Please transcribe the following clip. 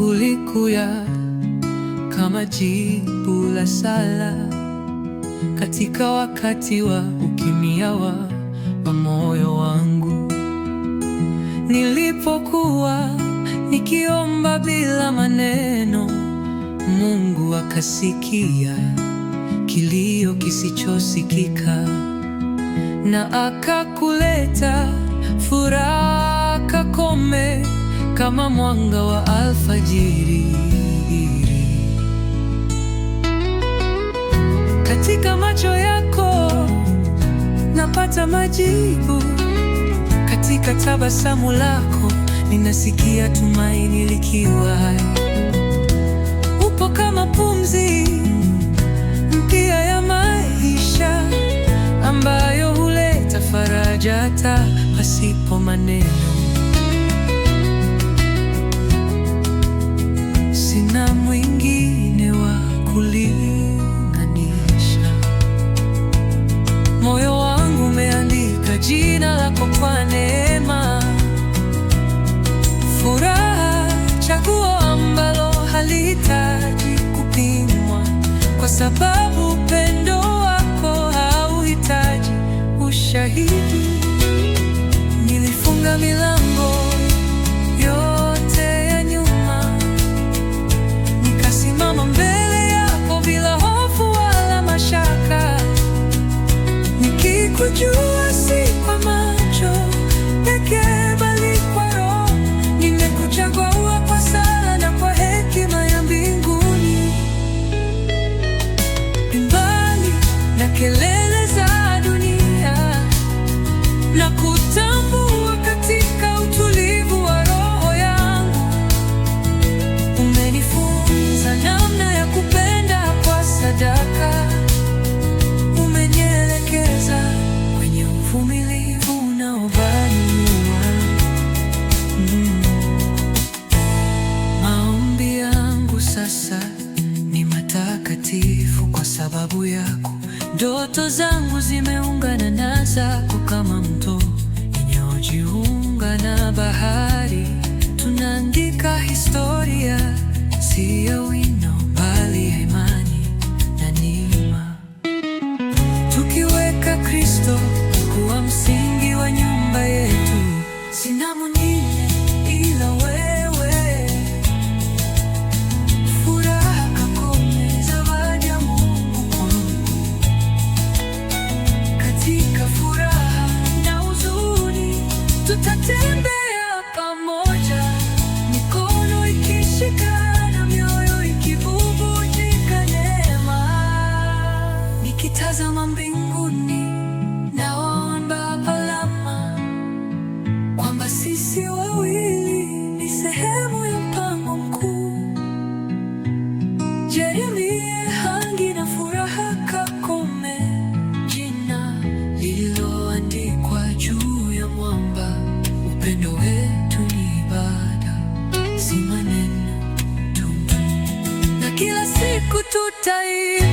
ulikuya kama jibu la sala katika wakati wa ukimya wa moyo wangu, nilipokuwa nikiomba bila maneno, Mungu akasikia kilio kisichosikika na akakuleta kama mwanga wa alfajiri. Katika macho yako napata majibu, katika tabasamu lako ninasikia tumaini likiwa. Upo kama pumzi mpya ya maisha ambayo huleta faraja hata pasipo maneno. kwa sababu upendo wako hauhitaji ushahidi. mtakatifu kwa sababu yako. Ndoto zangu zimeungana na zako kama mto inayojiunga na bahari. Tunaandika historia, si ya wino bali ya imani na neema, tukiweka Kristo kuwa msingi wa nyumba yetu. Sinamuni tutatembea pamoja, mikono ikishikana, mioyo ikivunjika, neema nikitazama mbinguni, naomba palama kwamba sisi Upendo wetu ni ibada, si maneno tu, na kila siku tutai